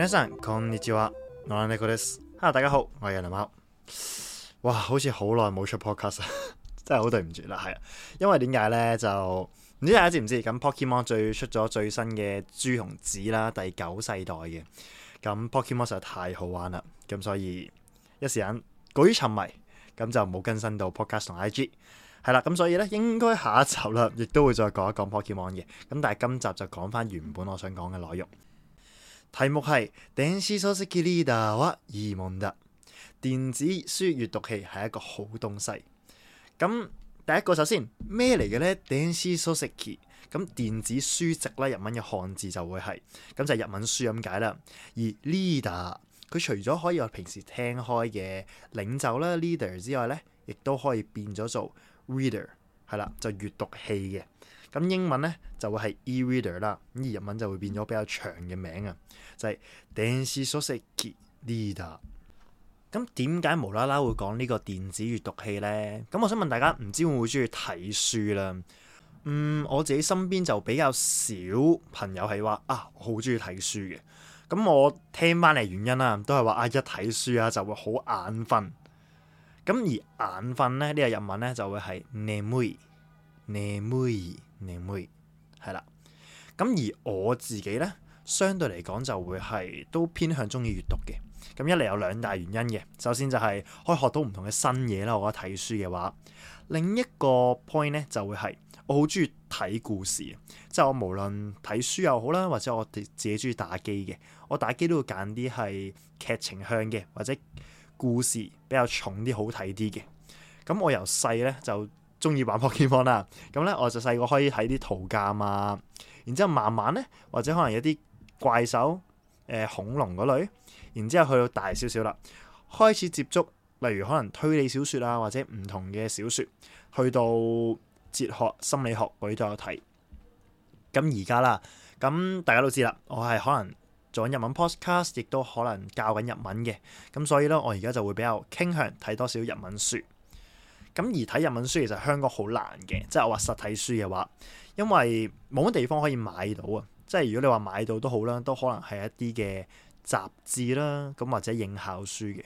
早晨，康尼 o 話我係李國德。哈，Hello, 大家好，我係仁林貓。哇，好似好耐冇出 podcast 真係好對唔住啦，係啊，因為點解咧就唔知大家知唔知？咁 Pokemon 最出咗最新嘅朱紅紫啦，第九世代嘅。咁 Pokemon 實在太好玩啦，咁所以一時人過於沉迷，咁就冇更新到 podcast 同 IG。係啦，咁所以咧應該下一集啦，亦都會再講一講 Pokemon 嘅。咁但係今集就講翻原本我想講嘅內容。題目係《電子書籍リーダーはいいもんだ》電子書閱讀器係一個好東西。咁第一個首先咩嚟嘅咧？呢《電子書籍》，咁電子書籍啦，日文嘅漢字就會係咁就係日文書咁解啦。而《Leader》佢除咗可以我平時聽開嘅領袖啦，Leader 之外咧，亦都可以變咗做 Reader，係啦就閱讀器嘅。咁英文咧就會係 e-reader 啦，咁、er, 而日文就會變咗比較長嘅名啊，就係、是、電子書籍リーダー。咁點解無啦啦會講呢個電子閱讀器咧？咁我想問大家，唔知會唔會中意睇書啦？嗯，我自己身邊就比較少朋友係話啊，好中意睇書嘅。咁我聽翻嚟原因啦，都係話啊，一睇書啊就會好眼瞓。咁而眼瞓咧，呢、這個日文咧就會係 nemui nemui。你妹，係啦、嗯，咁而我自己咧，相對嚟講就會係都偏向中意閱讀嘅。咁一嚟有兩大原因嘅，首先就係可以學到唔同嘅新嘢啦。我覺得睇書嘅話，另一個 point 咧就會係我好中意睇故事，即係我無論睇書又好啦，或者我哋自己中意打機嘅，我打機都會揀啲係劇情向嘅，或者故事比較重啲、好睇啲嘅。咁我由細咧就中意玩 Pokemon 啦，咁咧我就細個可以睇啲圖鑑啊，然之後慢慢咧，或者可能有啲怪獸、誒、呃、恐龍嗰類，然之後去到大少少啦，開始接觸，例如可能推理小說啊，或者唔同嘅小說，去到哲學、心理學嗰啲都有睇。咁而家啦，咁大家都知啦，我係可能做緊日文 podcast，亦都可能教緊日文嘅，咁所以咧，我而家就會比較傾向睇多少日文書。咁而睇日文書其實香港好難嘅，即係我話實體書嘅話，因為冇乜地方可以買到啊。即係如果你話買到都好啦，都可能係一啲嘅雜誌啦，咁或者應考書嘅。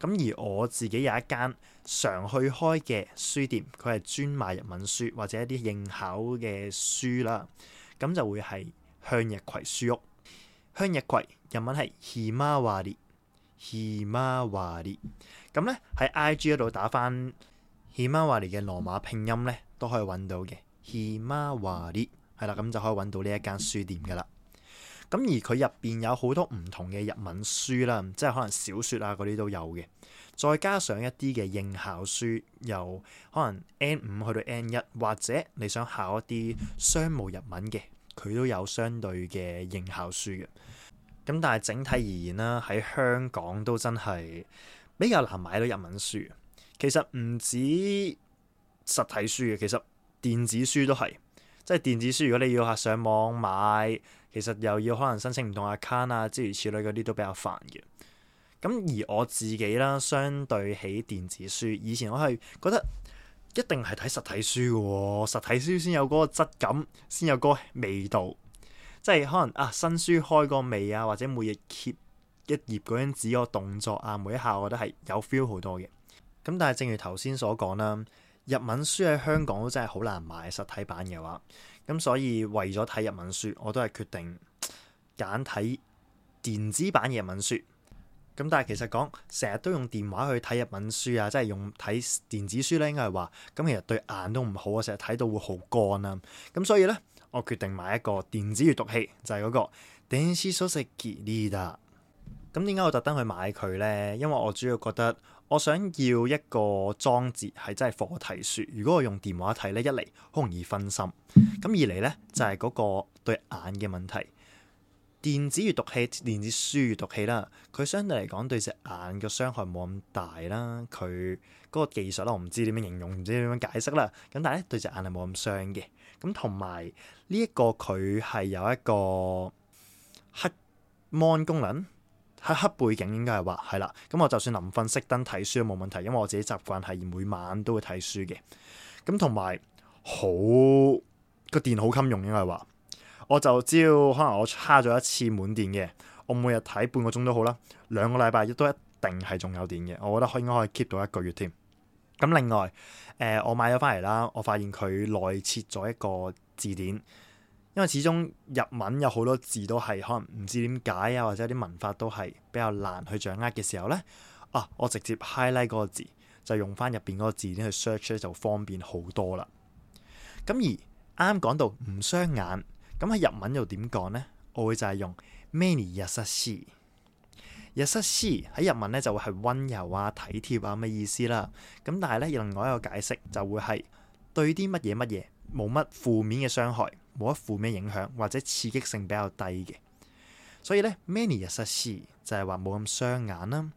咁而我自己有一間常去開嘅書店，佢係專賣日文書或者一啲應考嘅書啦。咁就會係向日葵書屋。向日葵日文係 Himawari，Himawari。咁咧喺 I G 嗰度打返。Himawari 嘅羅馬拼音咧都可以揾到嘅，Himawari 係啦，咁就可以揾到呢一間書店噶啦。咁而佢入邊有好多唔同嘅日文書啦，即係可能小說啊嗰啲都有嘅。再加上一啲嘅應考書，由可能 N 五去到 N 一，或者你想考一啲商務日文嘅，佢都有相對嘅應考書嘅。咁但係整體而言啦，喺香港都真係比較難買到日文書。其實唔止實體書嘅，其實電子書都係即係電子書。如果你要喺上網買，其實又要可能申請唔同 account 啊，諸如此類嗰啲都比較煩嘅。咁而我自己啦，相對起電子書，以前我係覺得一定係睇實體書嘅，實體書先有嗰個質感，先有嗰個味道，即係可能啊新書開個味啊，或者每頁揭一頁嗰張紙個動作啊，每一下我覺得係有 feel 好多嘅。咁但係正如頭先所講啦，日文書喺香港都真係好難買實體版嘅話，咁所以為咗睇日文書，我都係決定揀睇電子版日文書。咁但係其實講成日都用電話去睇日文書啊，即係用睇電子書咧，應該係話咁其實對眼都唔好常常啊，成日睇到會好乾啊。咁所以咧，我決定買一個電子閱讀器，就係、是、嗰、那個電子書籍リーダー。咁點解我特登去買佢咧？因為我主要覺得。我想要一個裝置係真係課題書，如果我用電話睇咧，一嚟好容易分心，咁二嚟咧就係、是、嗰個對眼嘅問題。電子閱讀器、電子書閱讀器啦，佢相對嚟講對隻眼嘅傷害冇咁大啦，佢嗰個技術啦，我唔知點樣形容，唔知點樣解釋啦。咁但係咧對隻眼係冇咁傷嘅，咁同埋呢一個佢係有一個黑 mon 功能。喺黑背景應該係話係啦，咁我就算臨瞓熄燈睇書都冇問題，因為我自己習慣係每晚都會睇書嘅。咁同埋好個電好襟用應該係話，我就只要可能我差咗一次滿電嘅，我每日睇半個鐘都好啦，兩個禮拜亦都一定係仲有電嘅。我覺得可以應該可以 keep 到一個月添。咁另外誒、呃，我買咗翻嚟啦，我發現佢內設咗一個字典。因為始終日文有好多字都係可能唔知點解啊，或者啲文法都係比較難去掌握嘅時候呢，啊，我直接 highlight 嗰個字就用翻入邊嗰個字咧去 search 咧，就方便好多啦。咁而啱講到唔傷眼，咁喺日文又點講呢？我會就係用目に優しい，優しい喺日文呢就會係溫柔啊、體貼啊咁嘅意思啦。咁但係呢，另外一個解釋就會係對啲乜嘢乜嘢冇乜負面嘅傷害。冇一負咩影響或者刺激性比較低嘅，所以咧 me ni yasashii 就係話冇咁傷眼啦。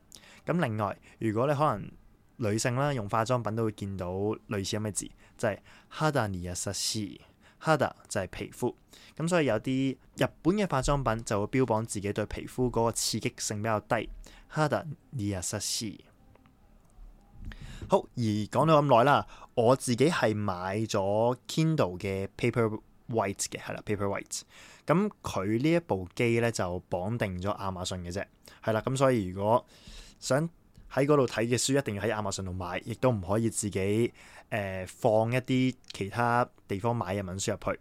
咁另外，如果你可能女性啦，用化妝品都會見到類似咁嘅字，就係、是、hada ni yasashii hada 就係皮膚咁，所以有啲日本嘅化妝品就會標榜自己對皮膚嗰個刺激性比較低。hada ni yasashii。好，而講到咁耐啦，我自己係買咗 Kindle 嘅 paper。White 嘅係啦，Paper White。咁佢呢一部機咧就綁定咗亞馬遜嘅啫，係啦。咁所以如果想喺嗰度睇嘅書，一定要喺亞馬遜度買，亦都唔可以自己誒、呃、放一啲其他地方買日文書入去。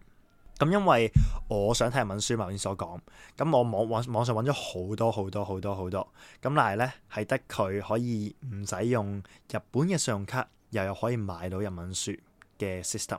咁因為我想睇日文書，頭先所講，咁我網網網上揾咗好多好多好多好多，多，咁但係咧係得佢可以唔使用，用日本嘅信用卡，又有可以買到日文書嘅 system。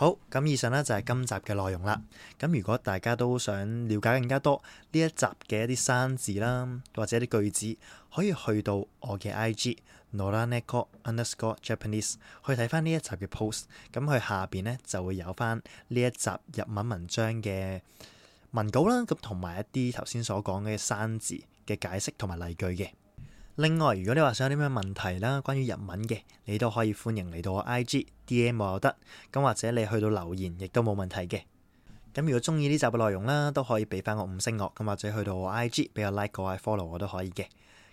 好咁，以上咧就係今集嘅內容啦。咁如果大家都想了解更加多呢一集嘅一啲生字啦，或者啲句子，可以去到我嘅 IG noraneko_japanese 去睇翻呢一集嘅 post。咁佢下邊咧就會有翻呢一集日文文章嘅文稿啦。咁同埋一啲頭先所講嘅生字嘅解釋同埋例句嘅。另外，如果你話想有啲咩問題啦，關於日文嘅，你都可以歡迎嚟到我 IG。D.M. 又得，咁或者你去到留言亦都冇問題嘅。咁如果中意呢集嘅內容啦，都可以俾翻我五星樂，咁或者去到我 I.G. 俾我 like 個位 follow 我都可以嘅。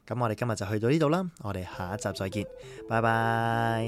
咁我哋今日就去到呢度啦，我哋下一集再見，拜拜。